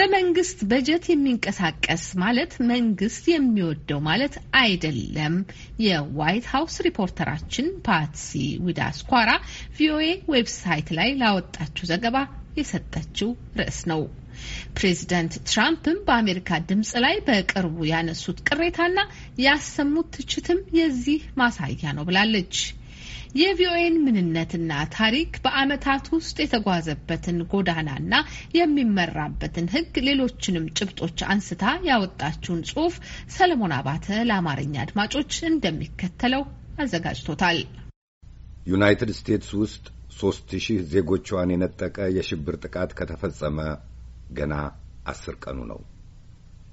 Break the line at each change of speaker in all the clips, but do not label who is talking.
በመንግስት በጀት የሚንቀሳቀስ ማለት መንግስት የሚወደው ማለት አይደለም። የዋይት ሀውስ ሪፖርተራችን ፓትሲ ዊዳስኳራ ቪኦኤ ዌብሳይት ላይ ላወጣችው ዘገባ የሰጠችው ርዕስ ነው። ፕሬዚዳንት ትራምፕም በአሜሪካ ድምፅ ላይ በቅርቡ ያነሱት ቅሬታና ያሰሙት ትችትም የዚህ ማሳያ ነው ብላለች። የቪኦኤን ምንነትና ታሪክ በዓመታት ውስጥ የተጓዘበትን ጎዳናና የሚመራበትን ሕግ ሌሎችንም ጭብጦች አንስታ ያወጣችውን ጽሑፍ ሰለሞን አባተ ለአማርኛ አድማጮች እንደሚከተለው አዘጋጅቶታል።
ዩናይትድ ስቴትስ ውስጥ ሶስት ሺህ ዜጎቿን የነጠቀ የሽብር ጥቃት ከተፈጸመ ገና አስር ቀኑ ነው።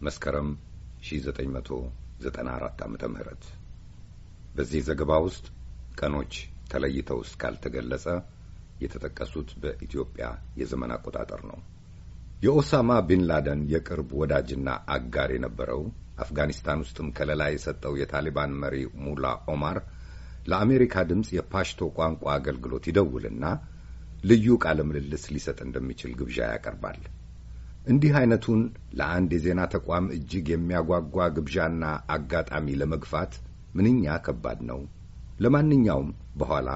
መስከረም 1994 ዓ.ም በዚህ ዘገባ ውስጥ ቀኖች ተለይተው እስካልተገለጸ የተጠቀሱት በኢትዮጵያ የዘመን አቆጣጠር ነው። የኦሳማ ቢን ላደን የቅርብ ወዳጅና አጋር የነበረው አፍጋኒስታን ውስጥም ከለላ የሰጠው የታሊባን መሪ ሙላ ኦማር ለአሜሪካ ድምፅ የፓሽቶ ቋንቋ አገልግሎት ይደውልና ልዩ ቃለ ምልልስ ሊሰጥ እንደሚችል ግብዣ ያቀርባል። እንዲህ አይነቱን ለአንድ የዜና ተቋም እጅግ የሚያጓጓ ግብዣና አጋጣሚ ለመግፋት ምንኛ ከባድ ነው። ለማንኛውም በኋላ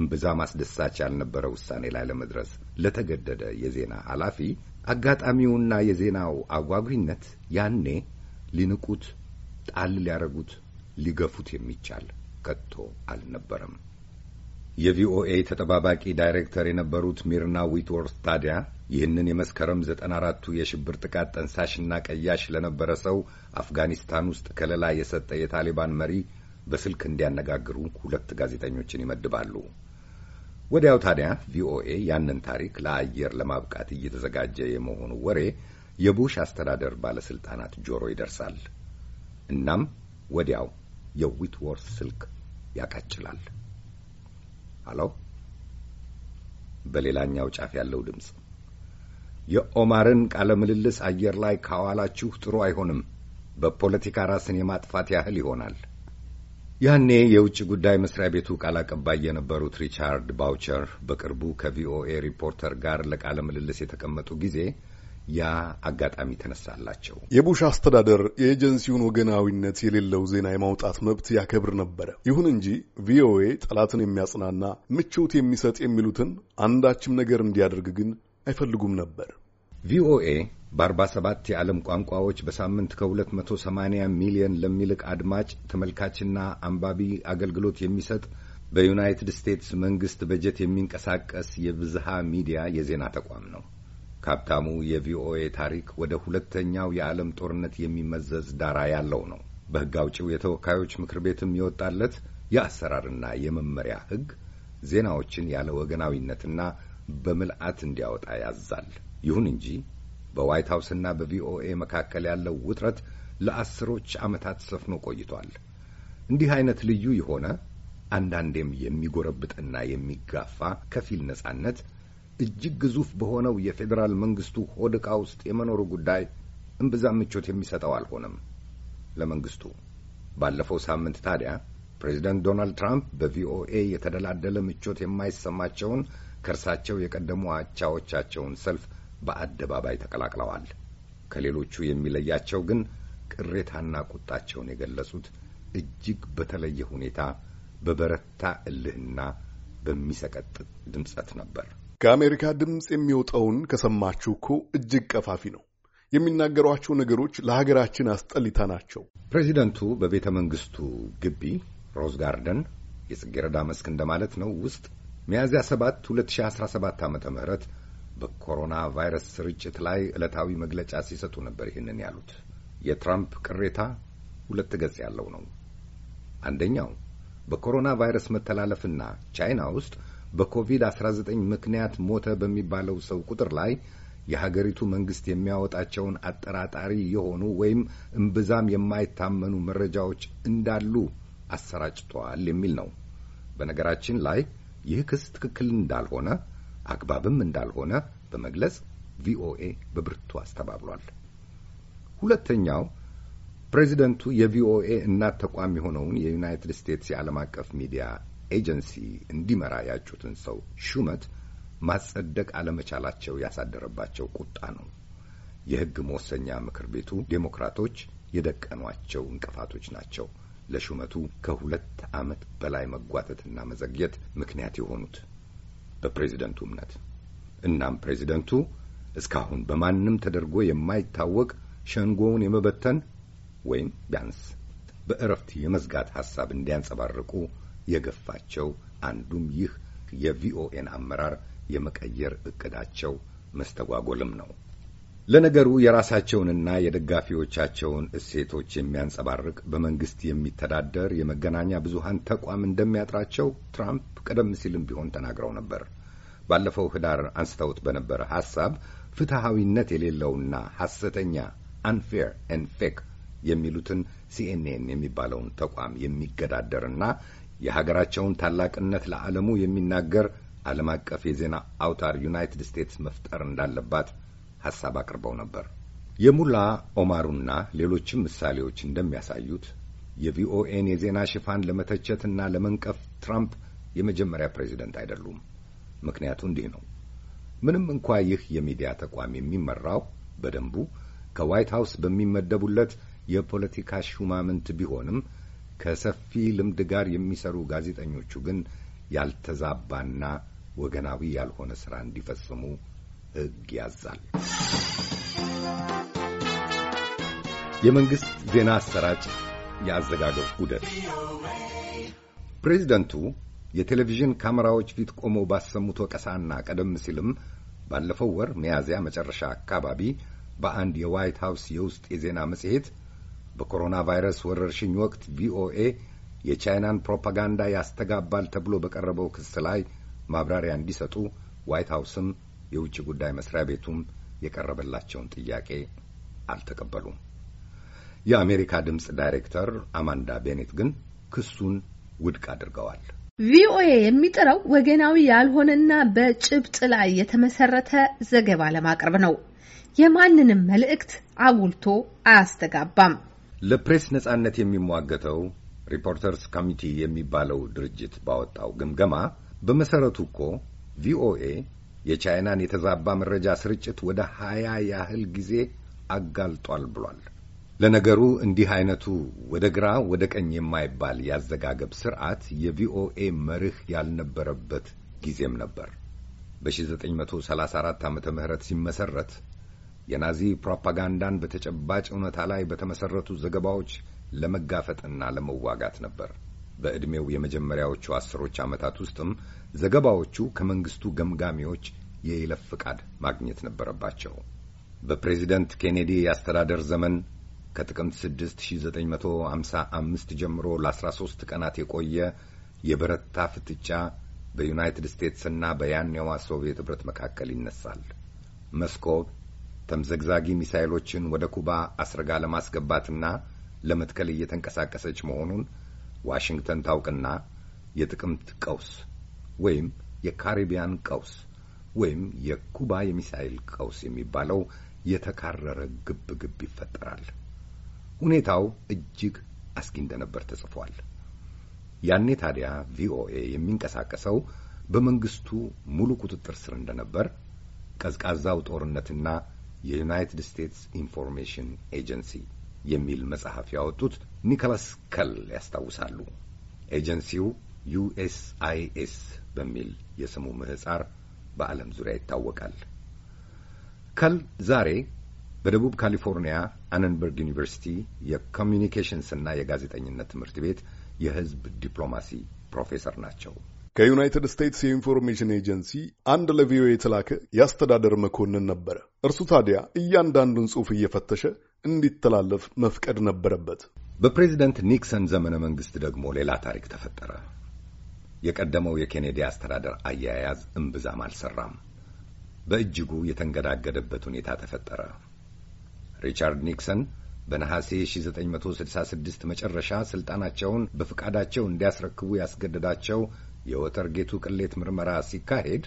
እምብዛም አስደሳች ያልነበረ ውሳኔ ላይ ለመድረስ ለተገደደ የዜና ኃላፊ አጋጣሚውና የዜናው አጓጊነት ያኔ ሊንቁት፣ ጣል ሊያረጉት፣ ሊገፉት የሚቻል ከቶ አልነበረም። የቪኦኤ ተጠባባቂ ዳይሬክተር የነበሩት ሚርና ዊትወርስ ታዲያ ይህንን የመስከረም ዘጠና አራቱ የሽብር ጥቃት ጠንሳሽና ቀያሽ ለነበረ ሰው አፍጋኒስታን ውስጥ ከለላ የሰጠ የታሊባን መሪ በስልክ እንዲያነጋግሩ ሁለት ጋዜጠኞችን ይመድባሉ። ወዲያው ታዲያ ቪኦኤ ያንን ታሪክ ለአየር ለማብቃት እየተዘጋጀ የመሆኑ ወሬ የቡሽ አስተዳደር ባለስልጣናት ጆሮ ይደርሳል። እናም ወዲያው የዊትዎርስ ስልክ ያቃጭላል። አለው በሌላኛው ጫፍ ያለው ድምፅ የኦማርን ቃለ ምልልስ አየር ላይ ካዋላችሁ ጥሩ አይሆንም። በፖለቲካ ራስን የማጥፋት ያህል ይሆናል። ያኔ የውጭ ጉዳይ መስሪያ ቤቱ ቃል አቀባይ የነበሩት ሪቻርድ ባውቸር በቅርቡ ከቪኦኤ ሪፖርተር ጋር ለቃለ ምልልስ የተቀመጡ ጊዜ ያ አጋጣሚ ተነሳላቸው።
የቡሽ አስተዳደር የኤጀንሲውን ወገናዊነት የሌለው ዜና የማውጣት መብት ያከብር ነበረ። ይሁን እንጂ ቪኦኤ ጠላትን የሚያጽናና ምቾት የሚሰጥ የሚሉትን አንዳችም ነገር እንዲያደርግ ግን አይፈልጉም ነበር። ቪኦኤ
በ47 የዓለም ቋንቋዎች በሳምንት ከ280 ሚሊዮን ለሚልቅ አድማጭ ተመልካችና አንባቢ አገልግሎት የሚሰጥ በዩናይትድ ስቴትስ መንግሥት በጀት የሚንቀሳቀስ የብዝሃ ሚዲያ የዜና ተቋም ነው። ካፕታሙ የቪኦኤ ታሪክ ወደ ሁለተኛው የዓለም ጦርነት የሚመዘዝ ዳራ ያለው ነው። በሕግ አውጪው የተወካዮች ምክር ቤትም የወጣለት የአሰራርና የመመሪያ ሕግ ዜናዎችን ያለ ወገናዊነትና በምልአት እንዲያወጣ ያዛል። ይሁን እንጂ በዋይት ሀውስና በቪኦኤ መካከል ያለው ውጥረት ለአስሮች ዓመታት ሰፍኖ ቆይቷል። እንዲህ አይነት ልዩ የሆነ አንዳንዴም የሚጎረብጥና የሚጋፋ ከፊል ነጻነት እጅግ ግዙፍ በሆነው የፌዴራል መንግስቱ ሆድ ዕቃ ውስጥ የመኖሩ ጉዳይ እምብዛም ምቾት የሚሰጠው አልሆነም ለመንግስቱ። ባለፈው ሳምንት ታዲያ ፕሬዚደንት ዶናልድ ትራምፕ በቪኦኤ የተደላደለ ምቾት የማይሰማቸውን ከእርሳቸው የቀደሙ አቻዎቻቸውን ሰልፍ በአደባባይ ተቀላቅለዋል። ከሌሎቹ የሚለያቸው ግን ቅሬታና ቁጣቸውን የገለጹት እጅግ በተለየ ሁኔታ በበረታ እልህና በሚሰቀጥጥ
ድምጸት ነበር። ከአሜሪካ ድምፅ የሚወጣውን ከሰማችሁ እኮ እጅግ ቀፋፊ ነው። የሚናገሯቸው ነገሮች ለሀገራችን አስጠሊታ ናቸው። ፕሬዚደንቱ በቤተ መንግስቱ
ግቢ ሮዝ ጋርደን የጽጌረዳ መስክ እንደማለት ነው ውስጥ ሚያዝያ 7 2017 ዓ ም በኮሮና ቫይረስ ስርጭት ላይ ዕለታዊ መግለጫ ሲሰጡ ነበር ይህንን ያሉት። የትራምፕ ቅሬታ ሁለት ገጽ ያለው ነው። አንደኛው በኮሮና ቫይረስ መተላለፍና ቻይና ውስጥ በኮቪድ-19 ምክንያት ሞተ በሚባለው ሰው ቁጥር ላይ የሀገሪቱ መንግስት የሚያወጣቸውን አጠራጣሪ የሆኑ ወይም እምብዛም የማይታመኑ መረጃዎች እንዳሉ አሰራጭተዋል የሚል ነው። በነገራችን ላይ ይህ ክስ ትክክል እንዳልሆነ አግባብም እንዳልሆነ በመግለጽ ቪኦኤ በብርቱ አስተባብሏል። ሁለተኛው ፕሬዚደንቱ የቪኦኤ እናት ተቋም የሆነውን የዩናይትድ ስቴትስ የዓለም አቀፍ ሚዲያ ኤጀንሲ እንዲመራ ያጩትን ሰው ሹመት ማጸደቅ አለመቻላቸው ያሳደረባቸው ቁጣ ነው። የሕግ መወሰኛ ምክር ቤቱ ዴሞክራቶች የደቀኗቸው እንቅፋቶች ናቸው ለሹመቱ ከሁለት ዓመት በላይ መጓተትና መዘግየት ምክንያት የሆኑት። በፕሬዚደንቱ እምነት። እናም ፕሬዚደንቱ እስካሁን በማንም ተደርጎ የማይታወቅ ሸንጎውን የመበተን ወይም ቢያንስ በእረፍት የመዝጋት ሐሳብ እንዲያንጸባርቁ የገፋቸው አንዱም ይህ የቪኦኤን አመራር የመቀየር እቅዳቸው መስተጓጎልም ነው። ለነገሩ የራሳቸውንና የደጋፊዎቻቸውን እሴቶች የሚያንጸባርቅ በመንግስት የሚተዳደር የመገናኛ ብዙሃን ተቋም እንደሚያጥራቸው ትራምፕ ቀደም ሲልም ቢሆን ተናግረው ነበር። ባለፈው ህዳር አንስተውት በነበረ ሐሳብ ፍትሐዊነት የሌለውና ሐሰተኛ አንፌር ኤን ፌክ የሚሉትን ሲኤንኤን የሚባለውን ተቋም የሚገዳደርና የሀገራቸውን ታላቅነት ለዓለሙ የሚናገር ዓለም አቀፍ የዜና አውታር ዩናይትድ ስቴትስ መፍጠር እንዳለባት ሐሳብ አቅርበው ነበር። የሙላ ኦማሩና ሌሎችም ምሳሌዎች እንደሚያሳዩት የቪኦኤን የዜና ሽፋን ለመተቸትና ለመንቀፍ ትራምፕ የመጀመሪያ ፕሬዚደንት አይደሉም። ምክንያቱ እንዲህ ነው። ምንም እንኳ ይህ የሚዲያ ተቋም የሚመራው በደንቡ ከዋይት ሃውስ በሚመደቡለት የፖለቲካ ሹማምንት ቢሆንም ከሰፊ ልምድ ጋር የሚሰሩ ጋዜጠኞቹ ግን ያልተዛባና ወገናዊ ያልሆነ ስራ እንዲፈጽሙ ሕግ ያዛል። የመንግሥት ዜና አሰራጭ የአዘጋገብ ዑደት ፕሬዚደንቱ የቴሌቪዥን ካሜራዎች ፊት ቆመው ባሰሙት ወቀሳና ቀደም ሲልም ባለፈው ወር ሚያዝያ መጨረሻ አካባቢ በአንድ የዋይት ሀውስ የውስጥ የዜና መጽሔት በኮሮና ቫይረስ ወረርሽኝ ወቅት ቪኦኤ የቻይናን ፕሮፓጋንዳ ያስተጋባል ተብሎ በቀረበው ክስ ላይ ማብራሪያ እንዲሰጡ ዋይት ሀውስም የውጭ ጉዳይ መስሪያ ቤቱም የቀረበላቸውን ጥያቄ አልተቀበሉም። የአሜሪካ ድምፅ ዳይሬክተር አማንዳ ቤኔት ግን ክሱን ውድቅ አድርገዋል።
ቪኦኤ የሚጥረው ወገናዊ ያልሆነና በጭብጥ ላይ የተመሰረተ ዘገባ ለማቅረብ ነው። የማንንም መልእክት አጉልቶ አያስተጋባም።
ለፕሬስ ነጻነት የሚሟገተው ሪፖርተርስ ኮሚቲ የሚባለው ድርጅት ባወጣው ግምገማ በመሰረቱ እኮ ቪኦኤ የቻይናን የተዛባ መረጃ ስርጭት ወደ ሀያ ያህል ጊዜ አጋልጧል ብሏል። ለነገሩ እንዲህ አይነቱ ወደ ግራ ወደ ቀኝ የማይባል ያዘጋገብ ስርዓት የቪኦኤ መርህ ያልነበረበት ጊዜም ነበር። በ1934 ዓመተ ምህረት ሲመሰረት የናዚ ፕሮፓጋንዳን በተጨባጭ እውነታ ላይ በተመሰረቱ ዘገባዎች ለመጋፈጥና ለመዋጋት ነበር። በዕድሜው የመጀመሪያዎቹ አስሮች ዓመታት ውስጥም ዘገባዎቹ ከመንግስቱ ገምጋሚዎች የይለፍ ፍቃድ ማግኘት ነበረባቸው። በፕሬዚደንት ኬኔዲ የአስተዳደር ዘመን ከጥቅምት 6 1955 ጀምሮ ለ13 ቀናት የቆየ የበረታ ፍጥጫ በዩናይትድ ስቴትስና በያኔዋ ሶቪየት ኅብረት መካከል ይነሳል። መስኮብ ተምዘግዛጊ ሚሳይሎችን ወደ ኩባ አስረጋ ለማስገባትና ለመትከል እየተንቀሳቀሰች መሆኑን ዋሽንግተን ታውቅና የጥቅምት ቀውስ ወይም የካሪቢያን ቀውስ ወይም የኩባ የሚሳኤል ቀውስ የሚባለው የተካረረ ግብ ግብ ይፈጠራል። ሁኔታው እጅግ አስጊ እንደነበር ተጽፏል። ያኔ ታዲያ ቪኦኤ የሚንቀሳቀሰው በመንግስቱ ሙሉ ቁጥጥር ስር እንደነበር ቀዝቃዛው ጦርነትና የዩናይትድ ስቴትስ ኢንፎርሜሽን ኤጀንሲ የሚል መጽሐፍ ያወጡት ኒኮላስ ከል ያስታውሳሉ። ኤጀንሲው ዩኤስአይኤስ በሚል የስሙ ምህጻር በዓለም ዙሪያ ይታወቃል። ከል ዛሬ በደቡብ ካሊፎርኒያ አነንበርግ ዩኒቨርሲቲ እና የጋዜጠኝነት ትምህርት ቤት የህዝብ ዲፕሎማሲ ፕሮፌሰር ናቸው።
ከዩናይትድ ስቴትስ የኢንፎርሜሽን ኤጀንሲ አንድ ለቪኦኤ የተላከ የአስተዳደር መኮንን ነበረ። እርሱ ታዲያ እያንዳንዱን ጽሑፍ እየፈተሸ እንዲተላለፍ መፍቀድ ነበረበት። በፕሬዚደንት ኒክሰን ዘመነ
መንግስት ደግሞ ሌላ ታሪክ ተፈጠረ። የቀደመው የኬኔዲ አስተዳደር አያያዝ እምብዛም አልሰራም። በእጅጉ የተንገዳገደበት ሁኔታ ተፈጠረ። ሪቻርድ ኒክሰን በነሐሴ 1966 መጨረሻ ስልጣናቸውን በፍቃዳቸው እንዲያስረክቡ ያስገደዳቸው የወተርጌቱ ቅሌት ምርመራ ሲካሄድ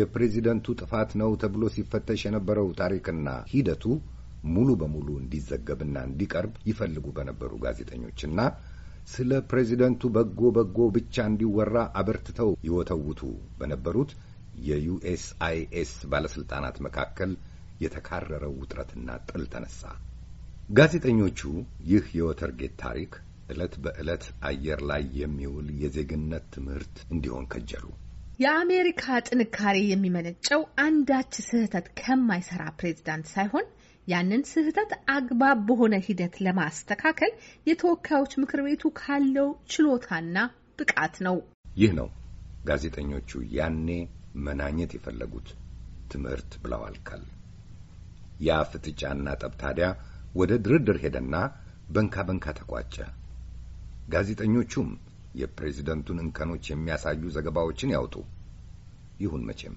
የፕሬዚደንቱ ጥፋት ነው ተብሎ ሲፈተሽ የነበረው ታሪክና ሂደቱ ሙሉ በሙሉ እንዲዘገብና እንዲቀርብ ይፈልጉ በነበሩ ጋዜጠኞችና ስለ ፕሬዚደንቱ በጎ በጎ ብቻ እንዲወራ አበርትተው ይወተውቱ በነበሩት የዩኤስአይኤስ ባለሥልጣናት መካከል የተካረረው ውጥረትና ጥል ተነሳ። ጋዜጠኞቹ ይህ የወተርጌት ታሪክ ዕለት በዕለት አየር ላይ የሚውል የዜግነት ትምህርት እንዲሆን ከጀሉ።
የአሜሪካ ጥንካሬ የሚመነጨው አንዳች ስህተት ከማይሰራ ፕሬዚዳንት ሳይሆን ያንን ስህተት አግባብ በሆነ ሂደት ለማስተካከል የተወካዮች ምክር ቤቱ ካለው ችሎታና ብቃት ነው።
ይህ ነው ጋዜጠኞቹ ያኔ መናኘት የፈለጉት ትምህርት ብለዋል ካል ያ ፍጥጫና ጠብ ታዲያ ወደ ድርድር ሄደና በንካ በንካ ተቋጨ። ጋዜጠኞቹም የፕሬዚደንቱን እንከኖች የሚያሳዩ ዘገባዎችን ያውጡ። ይሁን መቼም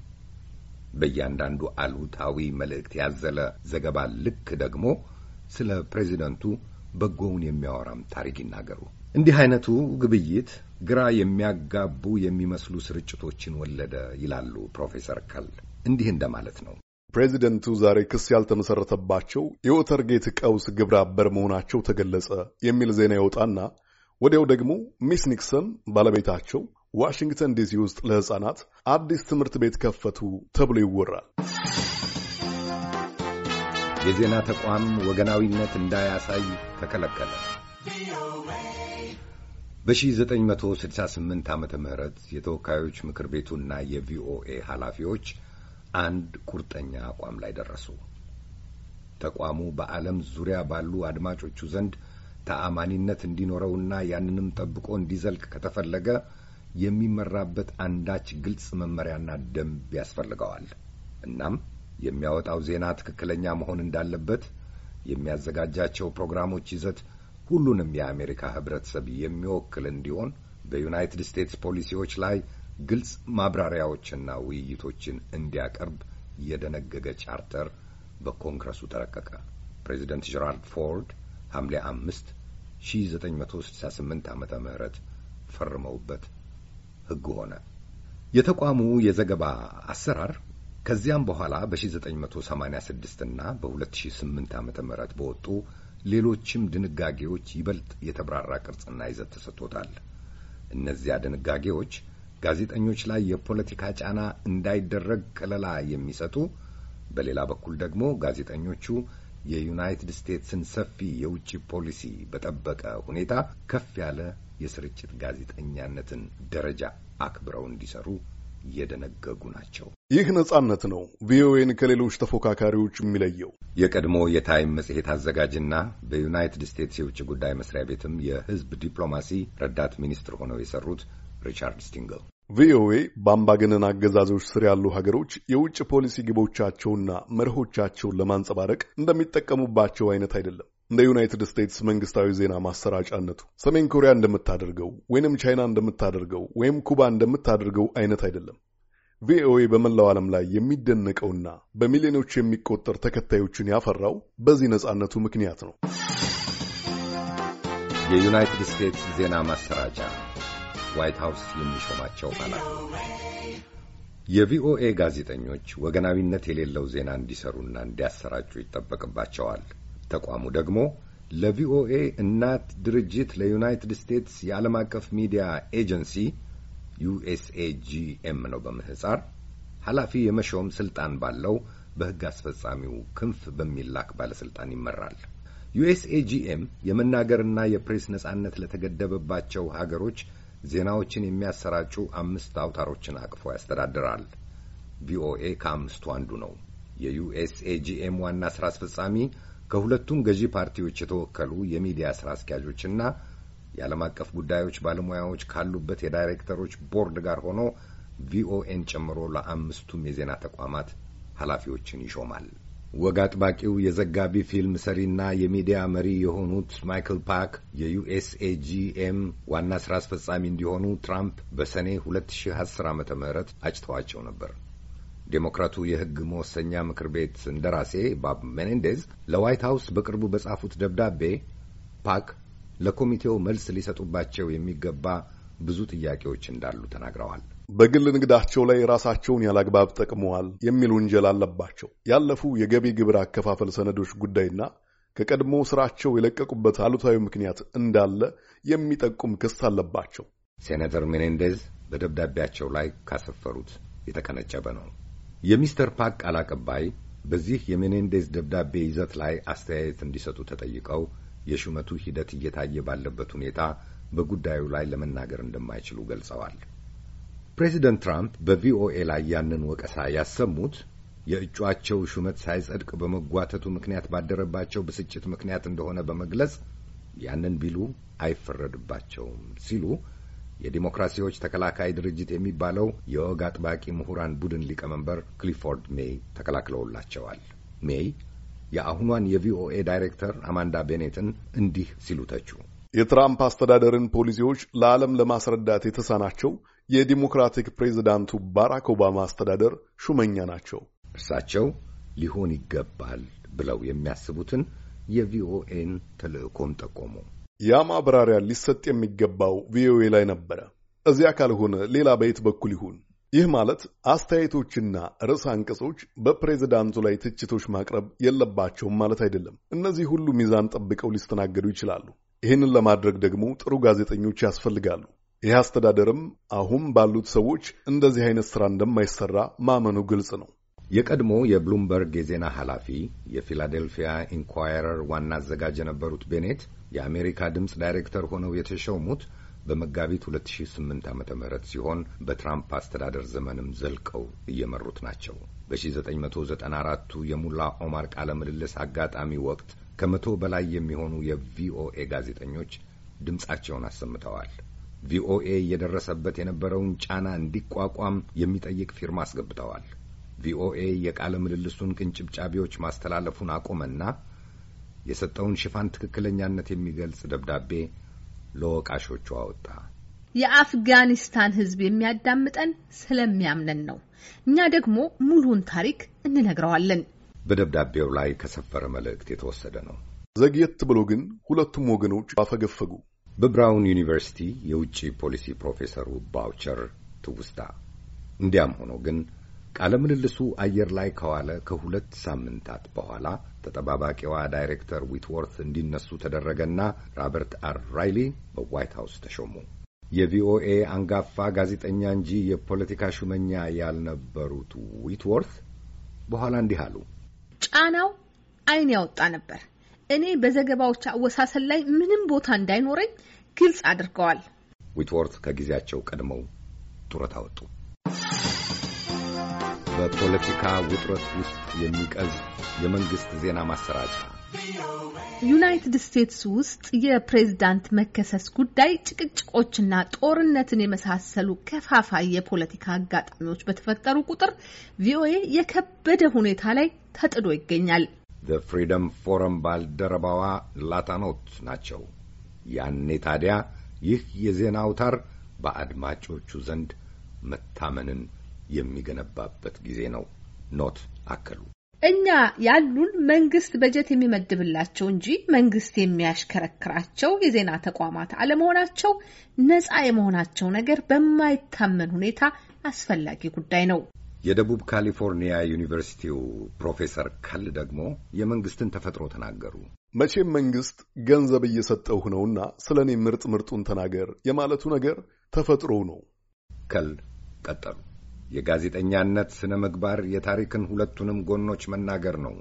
በእያንዳንዱ አሉታዊ መልእክት ያዘለ ዘገባ ልክ ደግሞ ስለ ፕሬዚደንቱ በጎውን የሚያወራም ታሪክ ይናገሩ። እንዲህ አይነቱ ግብይት ግራ የሚያጋቡ የሚመስሉ ስርጭቶችን ወለደ ይላሉ
ፕሮፌሰር ከል። እንዲህ እንደማለት ነው። ፕሬዚደንቱ ዛሬ ክስ ያልተመሰረተባቸው የወተርጌት ቀውስ ግብረ አበር መሆናቸው ተገለጸ የሚል ዜና ይወጣና ወዲያው ደግሞ ሚስ ኒክሰን ባለቤታቸው ዋሽንግተን ዲሲ ውስጥ ለሕፃናት አዲስ ትምህርት ቤት ከፈቱ ተብሎ ይወራል። የዜና ተቋም ወገናዊነት እንዳያሳይ ተከለከለ።
በ1968 ዓመተ ምህረት የተወካዮች ምክር ቤቱና የቪኦኤ ኃላፊዎች አንድ ቁርጠኛ አቋም ላይ ደረሱ። ተቋሙ በዓለም ዙሪያ ባሉ አድማጮቹ ዘንድ ተአማኒነት እንዲኖረውና ያንንም ጠብቆ እንዲዘልቅ ከተፈለገ የሚመራበት አንዳች ግልጽ መመሪያና ደንብ ያስፈልገዋል። እናም የሚያወጣው ዜና ትክክለኛ መሆን እንዳለበት፣ የሚያዘጋጃቸው ፕሮግራሞች ይዘት ሁሉንም የአሜሪካ ህብረተሰብ የሚወክል እንዲሆን በዩናይትድ ስቴትስ ፖሊሲዎች ላይ ግልጽ ማብራሪያዎችና ውይይቶችን እንዲያቀርብ የደነገገ ቻርተር በኮንግረሱ ተረቀቀ። ፕሬዚደንት ጀራርድ ፎርድ ሐምሌ አምስት 1968 ዓ ም ፈርመውበት ሕግ ሆነ። የተቋሙ የዘገባ አሰራር ከዚያም በኋላ በ1986 እና በ2008 ዓ ም በወጡ ሌሎችም ድንጋጌዎች ይበልጥ የተብራራ ቅርጽና ይዘት ተሰጥቶታል። እነዚያ ድንጋጌዎች ጋዜጠኞች ላይ የፖለቲካ ጫና እንዳይደረግ ከለላ የሚሰጡ፣ በሌላ በኩል ደግሞ ጋዜጠኞቹ የዩናይትድ ስቴትስን ሰፊ የውጭ ፖሊሲ በጠበቀ ሁኔታ ከፍ ያለ የስርጭት ጋዜጠኛነትን ደረጃ አክብረው እንዲሰሩ የደነገጉ ናቸው።
ይህ ነጻነት ነው ቪኦኤን ከሌሎች ተፎካካሪዎች የሚለየው።
የቀድሞ የታይም መጽሔት አዘጋጅና በዩናይትድ ስቴትስ የውጭ ጉዳይ መስሪያ ቤትም የሕዝብ ዲፕሎማሲ ረዳት ሚኒስትር ሆነው የሰሩት ሪቻርድ ስቲንግል
ቪኦኤ በአምባገነን አገዛዞች ስር ያሉ ሀገሮች የውጭ ፖሊሲ ግቦቻቸውና መርሆቻቸውን ለማንጸባረቅ እንደሚጠቀሙባቸው አይነት አይደለም እንደ ዩናይትድ ስቴትስ መንግስታዊ ዜና ማሰራጫነቱ ሰሜን ኮሪያ እንደምታደርገው ወይንም ቻይና እንደምታደርገው ወይም ኩባ እንደምታደርገው አይነት አይደለም። ቪኦኤ በመላው ዓለም ላይ የሚደነቀውና በሚሊዮኖች የሚቆጠር ተከታዮችን ያፈራው በዚህ ነጻነቱ ምክንያት ነው። የዩናይትድ ስቴትስ ዜና
ማሰራጫ ዋይት ሃውስ የሚሾማቸው ኃላፊ የቪኦኤ ጋዜጠኞች ወገናዊነት የሌለው ዜና እንዲሰሩና እንዲያሰራጩ ይጠበቅባቸዋል። ተቋሙ ደግሞ ለቪኦኤ እናት ድርጅት ለዩናይትድ ስቴትስ የዓለም አቀፍ ሚዲያ ኤጀንሲ ዩኤስኤጂኤም ነው በምህጻር ኃላፊ የመሾም ስልጣን ባለው በሕግ አስፈጻሚው ክንፍ በሚላክ ባለስልጣን ይመራል። ዩኤስኤጂኤም የመናገርና የፕሬስ ነጻነት ለተገደበባቸው ሀገሮች ዜናዎችን የሚያሰራጩ አምስት አውታሮችን አቅፎ ያስተዳድራል። ቪኦኤ ከአምስቱ አንዱ ነው። የዩኤስኤጂኤም ዋና ስራ አስፈጻሚ ከሁለቱም ገዢ ፓርቲዎች የተወከሉ የሚዲያ ስራ አስኪያጆችና የዓለም አቀፍ ጉዳዮች ባለሙያዎች ካሉበት የዳይሬክተሮች ቦርድ ጋር ሆኖ ቪኦኤን ጨምሮ ለአምስቱም የዜና ተቋማት ኃላፊዎችን ይሾማል። ወግ አጥባቂው የዘጋቢ ፊልም ሰሪና የሚዲያ መሪ የሆኑት ማይክል ፓክ የዩኤስኤጂኤም ዋና ሥራ አስፈጻሚ እንዲሆኑ ትራምፕ በሰኔ 2010 ዓ ም አጭተዋቸው ነበር። ዴሞክራቱ የሕግ መወሰኛ ምክር ቤት እንደራሴ ባብ ሜኔንዴዝ ለዋይት ሀውስ በቅርቡ በጻፉት ደብዳቤ ፓክ ለኮሚቴው መልስ ሊሰጡባቸው የሚገባ ብዙ ጥያቄዎች እንዳሉ ተናግረዋል።
በግል ንግዳቸው ላይ ራሳቸውን ያላግባብ ጠቅመዋል የሚል ወንጀል አለባቸው። ያለፉ የገቢ ግብር አከፋፈል ሰነዶች ጉዳይና ከቀድሞ ስራቸው የለቀቁበት አሉታዊ ምክንያት እንዳለ የሚጠቁም ክስ አለባቸው። ሴናተር ሜኔንዴዝ በደብዳቤያቸው ላይ ካሰፈሩት
የተቀነጨበ ነው። የሚስተር ፓክ ቃል አቀባይ በዚህ የሜኔንዴዝ ደብዳቤ ይዘት ላይ አስተያየት እንዲሰጡ ተጠይቀው የሹመቱ ሂደት እየታየ ባለበት ሁኔታ በጉዳዩ ላይ ለመናገር እንደማይችሉ ገልጸዋል። ፕሬዚደንት ትራምፕ በቪኦኤ ላይ ያንን ወቀሳ ያሰሙት የእጩአቸው ሹመት ሳይጸድቅ በመጓተቱ ምክንያት ባደረባቸው ብስጭት ምክንያት እንደሆነ በመግለጽ ያንን ቢሉ አይፈረድባቸውም ሲሉ የዲሞክራሲዎች ተከላካይ ድርጅት የሚባለው የወግ አጥባቂ ምሁራን ቡድን ሊቀመንበር ክሊፎርድ ሜይ ተከላክለውላቸዋል። ሜይ የአሁኗን የቪኦኤ ዳይሬክተር አማንዳ ቤኔትን እንዲህ ሲሉ ተቹ።
የትራምፕ አስተዳደርን ፖሊሲዎች ለዓለም ለማስረዳት የተሳናቸው የዲሞክራቲክ ፕሬዚዳንቱ ባራክ ኦባማ አስተዳደር ሹመኛ ናቸው። እርሳቸው ሊሆን ይገባል ብለው የሚያስቡትን
የቪኦኤን ተልእኮም ጠቆሙ።
ያ ማብራሪያ ሊሰጥ የሚገባው ቪኦኤ ላይ ነበረ። እዚያ ካልሆነ ሌላ በየት በኩል ይሁን? ይህ ማለት አስተያየቶችና ርዕሰ አንቀጾች በፕሬዝዳንቱ ላይ ትችቶች ማቅረብ የለባቸውም ማለት አይደለም። እነዚህ ሁሉ ሚዛን ጠብቀው ሊስተናገዱ ይችላሉ። ይህንን ለማድረግ ደግሞ ጥሩ ጋዜጠኞች ያስፈልጋሉ። ይህ አስተዳደርም አሁን ባሉት ሰዎች እንደዚህ አይነት ስራ እንደማይሰራ ማመኑ ግልጽ ነው። የቀድሞ የብሉምበርግ የዜና ኃላፊ የፊላዴልፊያ
ኢንኳይረር ዋና አዘጋጅ የነበሩት ቤኔት የአሜሪካ ድምፅ ዳይሬክተር ሆነው የተሾሙት በመጋቢት 2008 ዓ ም ሲሆን በትራምፕ አስተዳደር ዘመንም ዘልቀው እየመሩት ናቸው። በ1994ቱ የሙላ ኦማር ቃለ ምልልስ አጋጣሚ ወቅት ከመቶ በላይ የሚሆኑ የቪኦኤ ጋዜጠኞች ድምፃቸውን አሰምተዋል። ቪኦኤ እየደረሰበት የነበረውን ጫና እንዲቋቋም የሚጠይቅ ፊርማ አስገብተዋል። ቪኦኤ የቃለ ምልልሱን ቅንጭብጫቢዎች ማስተላለፉን አቆመና የሰጠውን ሽፋን ትክክለኛነት የሚገልጽ ደብዳቤ ለወቃሾቹ አወጣ።
የአፍጋኒስታን ሕዝብ የሚያዳምጠን ስለሚያምነን ነው። እኛ ደግሞ ሙሉውን ታሪክ እንነግረዋለን።
በደብዳቤው ላይ ከሰፈረ መልእክት የተወሰደ ነው። ዘግየት ብሎ ግን ሁለቱም ወገኖች አፈገፈጉ። በብራውን ዩኒቨርሲቲ የውጭ ፖሊሲ ፕሮፌሰሩ ባውቸር ትውስታ። እንዲያም ሆኖ ግን ቃለ ምልልሱ አየር ላይ ከዋለ ከሁለት ሳምንታት በኋላ ተጠባባቂዋ ዳይሬክተር ዊትወርት እንዲነሱ ተደረገና ራበርት አር ራይሊ በዋይት ሀውስ ተሾሙ። የቪኦኤ አንጋፋ ጋዜጠኛ እንጂ የፖለቲካ ሹመኛ ያልነበሩት ዊትወርት በኋላ እንዲህ አሉ።
ጫናው አይን ያወጣ ነበር። እኔ በዘገባዎች አወሳሰል ላይ ምንም ቦታ እንዳይኖረኝ ግልጽ አድርገዋል።
ዊትወርት ከጊዜያቸው ቀድመው ጡረታ ወጡ። በፖለቲካ ውጥረት ውስጥ የሚቀዝ የመንግሥት ዜና ማሰራጫ
ዩናይትድ ስቴትስ ውስጥ የፕሬዝዳንት መከሰስ ጉዳይ ጭቅጭቆችና ጦርነትን የመሳሰሉ ከፋፋይ የፖለቲካ አጋጣሚዎች በተፈጠሩ ቁጥር ቪኦኤ የከበደ ሁኔታ ላይ ተጥዶ ይገኛል።
ፍሪደም ፎረም ባልደረባዋ ላታኖት ናቸው። ያኔ ታዲያ ይህ የዜና አውታር በአድማጮቹ ዘንድ መታመንን የሚገነባበት ጊዜ ነው ኖት አከሉ።
እኛ ያሉን መንግስት በጀት የሚመድብላቸው እንጂ መንግስት የሚያሽከረክራቸው የዜና ተቋማት አለመሆናቸው ነፃ የመሆናቸው ነገር በማይታመን ሁኔታ አስፈላጊ ጉዳይ ነው።
የደቡብ ካሊፎርኒያ ዩኒቨርሲቲው ፕሮፌሰር ከል ደግሞ የመንግስትን ተፈጥሮ
ተናገሩ። መቼም መንግስት ገንዘብ እየሰጠሁ ነውና ስለ እኔ ምርጥ ምርጡን ተናገር የማለቱ ነገር ተፈጥሮው ነው። ከል ቀጠሉ። የጋዜጠኛነት
ስነ ምግባር የታሪክን ሁለቱንም ጎኖች መናገር ነው።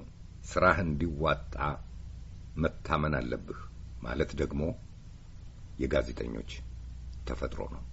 ስራህ እንዲዋጣ መታመን አለብህ ማለት ደግሞ የጋዜጠኞች
ተፈጥሮ ነው።